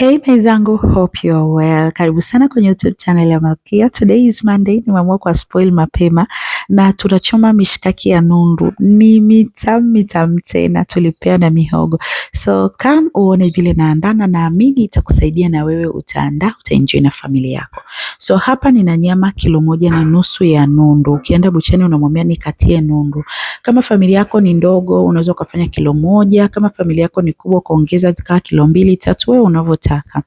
Hey zangu hope you are well. Karibu sana kwenye YouTube channel ya Malkia. Today is Monday. Nimeamua kwa spoil mapema na tunachoma mishkaki ya nundu, ni mitam mitam tena, tulipea na mihogo. So come uone vile naandana, naamini itakusaidia na wewe utaandaa, utaenjoy na familia yako. So hapa nina nyama kilo moja na nusu ya nundu. Ukienda buchani unamwambia nikatie nundu. Kama familia yako ni ndogo, unaweza ukafanya kilo moja. Kama familia yako ni kubwa, ukaongeza kaa kilo mbili tatu, wewe unavyotaka.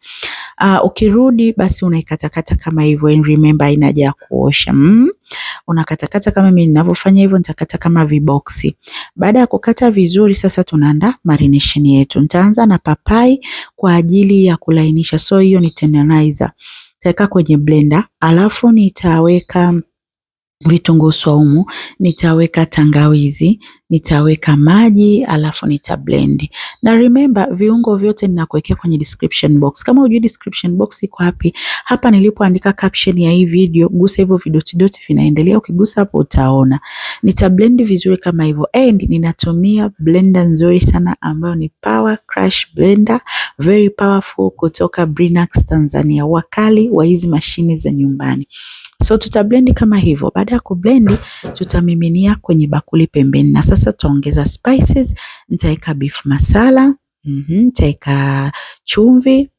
Uh, ukirudi basi unaikatakata kama hivyo, and remember haina haja ya kuosha mm. Unakatakata kama mimi ninavyofanya hivyo, nitakata kama viboksi. Baada ya kukata vizuri, sasa tunaanda marination yetu. Nitaanza na papai kwa ajili ya kulainisha, so hiyo ni tenderizer nitaweka kwenye blender alafu nitaweka vitunguu swaumu, nitaweka tangawizi, nitaweka maji alafu nita blend. Na remember viungo vyote ninakuwekea kwenye description box. Kama hujui description box iko wapi, hapa nilipoandika caption ya hii video, gusa hivyo vidoti doti vinaendelea, ukigusa hapo utaona. Nita blend vizuri kama hivyo. And ninatumia blender nzuri sana ambayo ni Power Crush blender, very powerful kutoka Brinax Tanzania, wakali wa hizi mashine za nyumbani. So tutablendi kama hivyo. Baada ya kublendi, tutamiminia kwenye bakuli pembeni, na sasa tutaongeza spices. Nitaweka beef masala, mhm. nitaweka mm chumvi,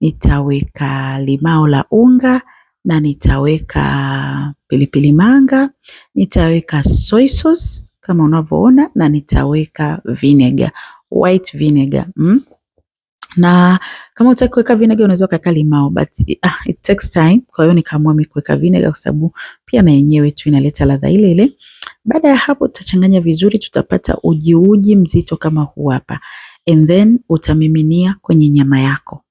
nitaweka limao la unga na nitaweka pilipili manga, nitaweka soy sauce kama unavyoona, na nitaweka vinegar, white vinegar mm na kama utaki kuweka vinega unaweza kuweka limao but uh, it takes time. Kwa hiyo nikaamua mimi kuweka vinega kwa sababu pia na yenyewe tu inaleta ladha ile ile. Baada ya hapo, tutachanganya vizuri, tutapata uji uji mzito kama huu hapa, and then utamiminia kwenye nyama yako.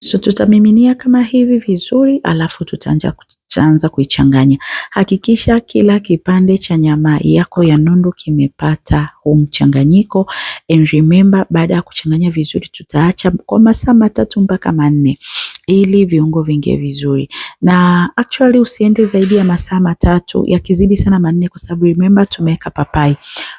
So tutamiminia kama hivi vizuri, alafu tutaanza utaanza kuichanganya. Hakikisha kila kipande cha nyama yako ya nundu kimepata huu mchanganyiko and remember, baada ya kuchanganya vizuri, tutaacha kwa masaa matatu mpaka manne ili viungo vingie vizuri, na actually usiende zaidi ya masaa matatu, yakizidi sana manne, kwa sababu remember tumeweka papai.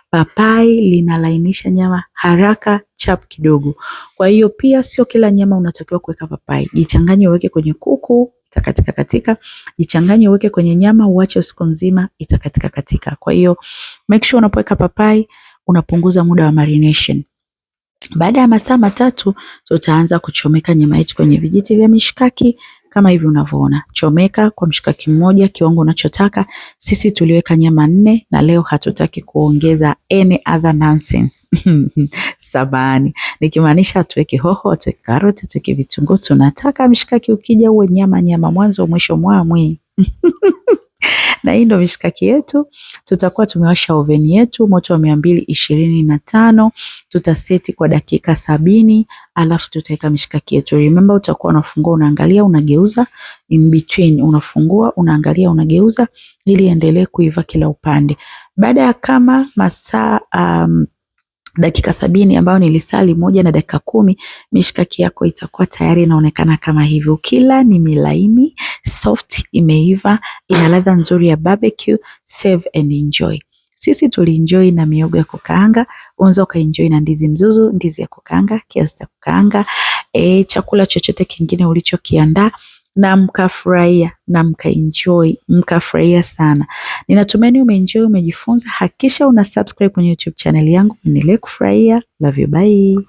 Papai linalainisha nyama haraka chap kidogo. Kwa hiyo pia sio kila nyama unatakiwa kuweka papai, jichanganye uweke kwenye kuku itakatika katika. Jichanganye uweke kwenye nyama, uache usiku mzima, itakatika katika. Kwa hiyo make sure unapoweka papai unapunguza muda wa marination. Baada ya masaa matatu tutaanza kuchomeka nyama yetu kwenye vijiti vya mishikaki kama hivi unavyoona. Chomeka kwa mshikaki mmoja kiwango unachotaka. Sisi tuliweka nyama nne na leo hatutaki kuongeza any other nonsense. Sabani. Nikimaanisha tuweke hoho, tuweke karoti, tuweke vitunguu. Tunataka mshikaki ukija uwe nyama nyama mwanzo mwisho mwamwi. Na hii ndo mishikaki yetu. Tutakuwa tumewasha oveni yetu moto wa mia mbili ishirini na tano tutaseti kwa dakika sabini alafu tutaweka mishikaki yetu. Remember, utakuwa unafungua unaangalia, unageuza in between, unafungua unaangalia, unageuza ili endelee kuiva kila upande. Baada ya kama masaa um, dakika sabini ambayo nilisali moja na dakika kumi, mishkaki yako itakuwa tayari inaonekana kama hivyo. Kila ni milaini soft, imeiva, ina ladha nzuri ya barbecue. Save and enjoy. Sisi tulienjoy na miogo ya kukaanga, unaweza ukaenjoy na ndizi mzuzu, ndizi ya kukaanga, kiasi cha kukaanga, e, chakula chochote kingine ulichokiandaa na mkafurahia na mkaenjoy mkafurahia sana. Ninatumaini umeenjoy umejifunza. Hakisha una subscribe kwenye YouTube channel yangu, endelee kufurahia. Love you, bye.